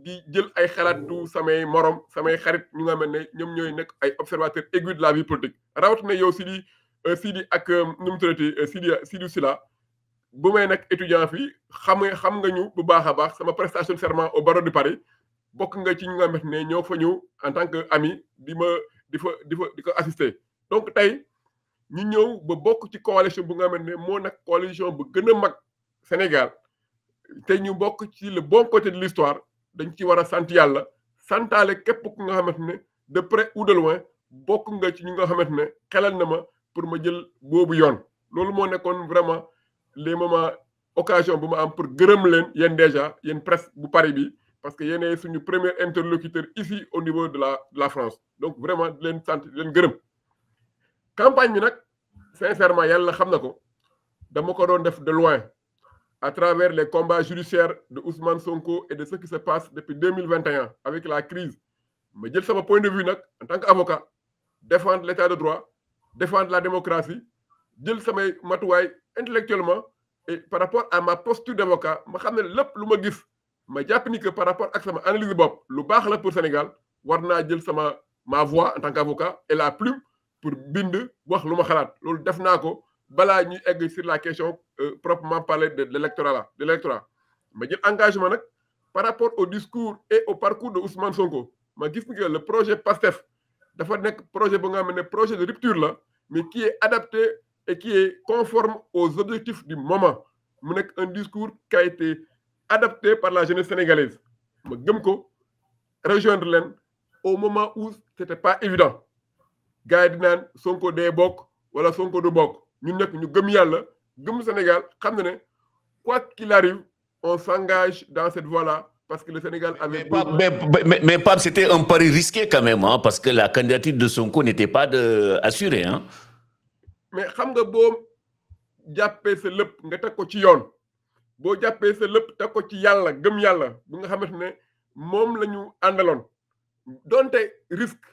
di jël ay xalaat du samay morom samay xarit ñu nga melne ñom ñoy ñooy ay observateur aigus de la vie politique na yow Sidi euh, Sidi ak euh, nu traité euh, Sidi Sidi Sila bu may nak étudiant fi xam xam nga ñu bu baaxa baax sama prestation serment au barreau de Paris bok nga ci ñu nga melne ne ñoo fa ñu en tant que ami di ma di fa di fa di ko assister donc tay ñu ñew ba bok ci coalition bu nga melne mo nak nekk coalition bu gën mag Sénégal tay ñu bok ci le bon côté de l'histoire dañ ci wara a sant yàlla santaale képp ku nga xamante de près ou de loin bokk nga ci nga xamante xelal na ma pour ma jël boobu yoon loolu moo nekkoon vraiment les moments occasion bu ma am pour gërëm leen yéen déjà yéen presse bu Paris bi parce que yéenay suñu premier interlocuteur ici au niveau de la de la France donc vraiment di leen sant di leen gërëm campagne bi nag sincèrement yàlla xam na ko dama ko doon def de loin à travers les combats judiciaires de Ousmane Sonko et de ce qui se passe depuis 2021 avec la crise ma jël mon point de vue en tant qu'avocat défendre l'état de droit défendre la démocratie jël de vue intellectuellement et par rapport à ma posture d'avocat ma sais ne lépp ma que par rapport à sama analyse bopp lu le la pour le Sénégal Warna jël ma voix en tant qu'avocat et la plume pour bind wax le ma Le Defnako, bala ñu egg la question euh, proprement parler de l'électorat là de l'électorat mais engagement par rapport au discours et au parcours de Ousmane Sonko ma gis que le projet PASTEF c'est un projet projet de rupture mais qui est adapté et qui est conforme aux objectifs du moment mu un discours qui a été adapté par la jeunesse sénégalaise ma gëm ko rejoindre len au moment où c'était pas évident gaay Sonko dé voilà wala Sonko du ñun nag ñu gëm Yalla, gëm Sénégal xam na quoi qu'il arrive on s'engage dans cette voie-là parce que le Sénégal avait. Mais, mais, mais, mais Pape, c'était un pari risqué quand même, hein, parce que la candidature de Sonko n'était pas de... assurée. Hein. Mais xam nga bo jappé ce lépp nga teg ko ci yoon bo jappé ce lépp teg ko ci yalla gëm yalla bu nga xamante mom lañu andalon ñu donte risque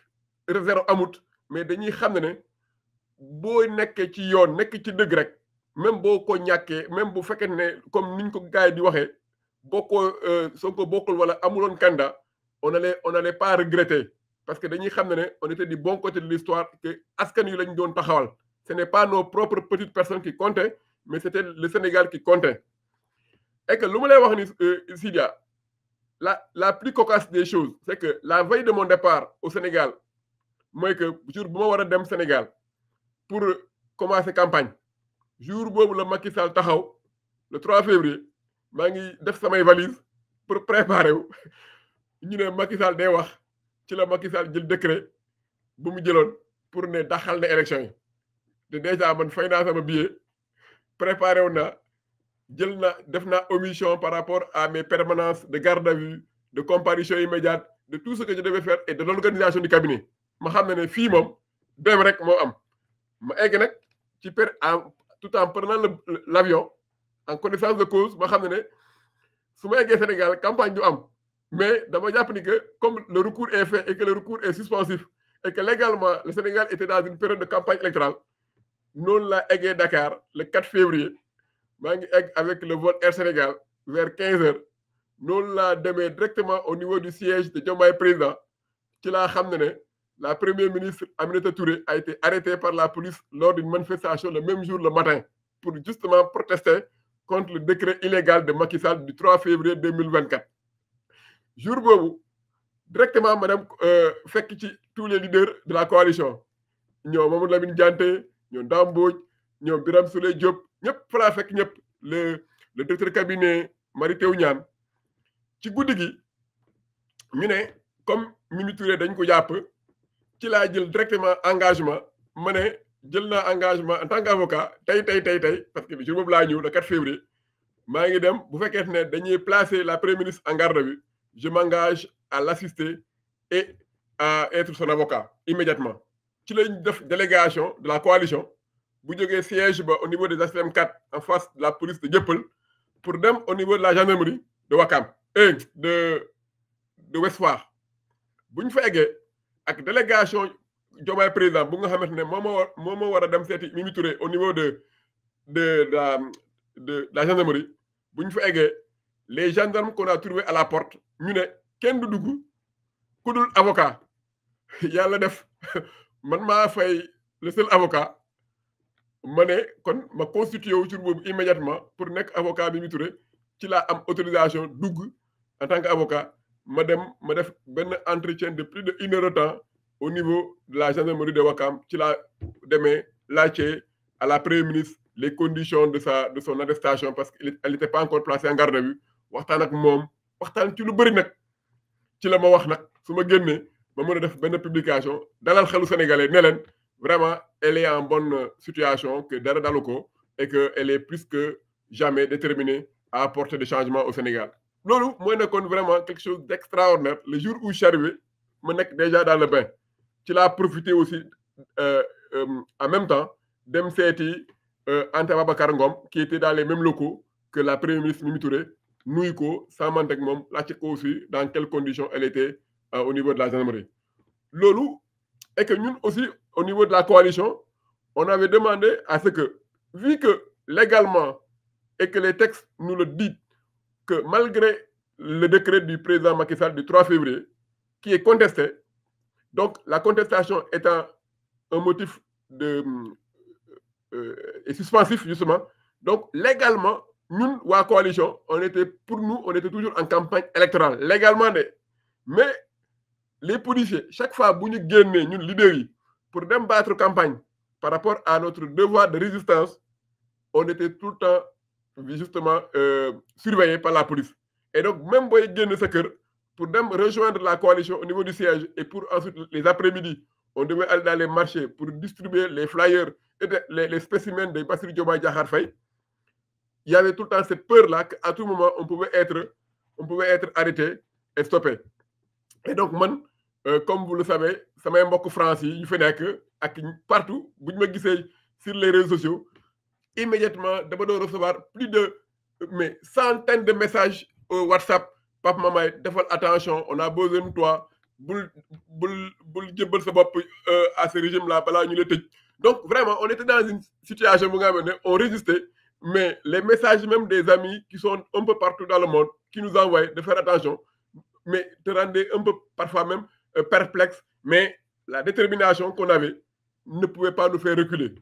zéro amout mais dañuy xamné boy nekkee ci yoon nekk ci dëgg rek même boo ko ñàkkee même bu fekkee ne comme niñ ko gaay di waxee boo euh, soo ko bokkul wala amuloon kanda on allait on allait pas regretter parce que dañuy xam ne on était du bon côté de l'histoire que askan yu lañ doon taxawal ce n'est pas nos propres petites personnes qui comptaient mais c'était le Sénégal qui comptait et que lu ma lay wax ni euh, Sidia la la plus cocasse des choses c'est que la veille de mon départ au Sénégal mooy que jour bu ma war a dem Sénégal pour commencer campagne jour boobu la Macky Sall taxaw le trois février maa ngi def samay valise pour préparer wu ñu ne Macky Sall day wax ci la Macky Sall jël décret bu mu jëloon pour ne daxal na élection yi te déjà man fay naa sama billet préparé wu naa jël na def naa omission par rapport à mes permanences de garde à vue de comparution immédiate de tout ce que de devais faire et de l'organisation du cabinet ma xam ne ne fii moom dem rek moo am tout en prenant l'avion, en connaissance de cause je xam ne ne ma Sénégal campagne du am mais dama ni que comme le recours est fait et que le recours est suspensif et que légalement le Sénégal était dans une période de campagne électorale nous l'avons eggee Dakar le 4 février avec le vol Air Sénégal vers 15 h nous l'a demandé directement au niveau du siège de Djombaï président qui l'a la première ministre Aminata Touré a été arrêtée par la police lors d'une manifestation le même jour le matin pour justement protester contre le décret illégal de Macky Sall du 3 février 2024. Jour directement madame euh, fekk ci tous les leaders de la coalition ñoom Mamadou Lamine Diante nous avons Mbodj Biram Birame Diop nous avons le le directeur cabinet Marie Teuw ci gi comme Mimi Touré dañ ko ci la jël directement engagement mené jël na engagement en tant qu'avocat tay tay parce que jour boobu la ñëw le 4 février ma ngi dem bu fekkee ne dañuy placer la premier ministre en garde à vue je m'engage à l'assister et à être son avocat immédiatement ci lañ def délégation de la coalition bu joggé siège ba au niveau des HLM 4 en face de la police de Gepel, pour dem au niveau de la gendarmerie de Wakam, et euh, de de Ouest buñ fa ak délégation je président bu nga au niveau de de de la gendarmerie les gendarmes qu'on a trouvé à la porte ñu kenn du dugg avocat yalla def man le seul avocat ma constitué immédiatement pour avocat ci la autorisation en tant qu'avocat ma dem ma def benn entretien de plus de une heure de temps au niveau de la gendarmerie de Wakam ci l'a demee laajte à la Première ministre les conditions de sa de son arrestation parce qu'elle elle n'était pas encore placée en garde à vue waxtaan ak moom waxtaan ci lu bëri nag ci la ma wax nag su ma génnee ma mën a def benn publication dalal xelu sénégalais ne leen vraiment elle est en bonne situation que dara dalu et que elle est plus que jamais déterminée à apporter des changements au Sénégal moi, je nekkoon vraiment quelque chose d'extraordinaire le jour où je suis arrivé ma suis déjà dans le bain Tu l'as profité aussi euh, euh, en même temps dem seeti euh, Anta Babacar qui était dans les mêmes locaux que la première ministre Mimi Touré nuyu ko sàmmante aussi dans quelles conditions elle était au niveau de la gendarmerie Lolo, et que nous aussi au niveau de la coalition on avait demandé à ce que vu que légalement et que les textes nous le disent malgré le décret du président Macky Sall du 3 février, qui est contesté, donc la contestation étant un motif de, euh, euh, suspensif, justement, donc légalement, nous, ou à coalition, on était, pour nous, on était toujours en campagne électorale, légalement. Mais les policiers, chaque fois que nous gagnons, nous, leaders, pour débattre campagne par rapport à notre devoir de résistance, on était tout le temps justement euh, surveillé par la police. Et donc, même ce pour même rejoindre la coalition au niveau du siège et pour ensuite les après-midi, on devait aller dans les marchés pour distribuer les flyers et les, spécimens des Bassir Diomaye Diakhar Il y avait tout le temps cette peur-là qu'à tout moment, on pouvait être, on pouvait être arrêté et stoppé. Et donc, euh, comme vous le savez, ça m'a beaucoup il fait que partout, vous me sur les réseaux sociaux, immédiatement de recevoir plus de mais centaines de messages au euh, WhatsApp Papa maman attention on a besoin de toi euh, à ce régime là donc vraiment on était dans une situation où on résistait mais les messages même des amis qui sont un peu partout dans le monde qui nous envoient de faire attention mais te rendaient un peu parfois même euh, perplexe mais la détermination qu'on avait ne pouvait pas nous faire reculer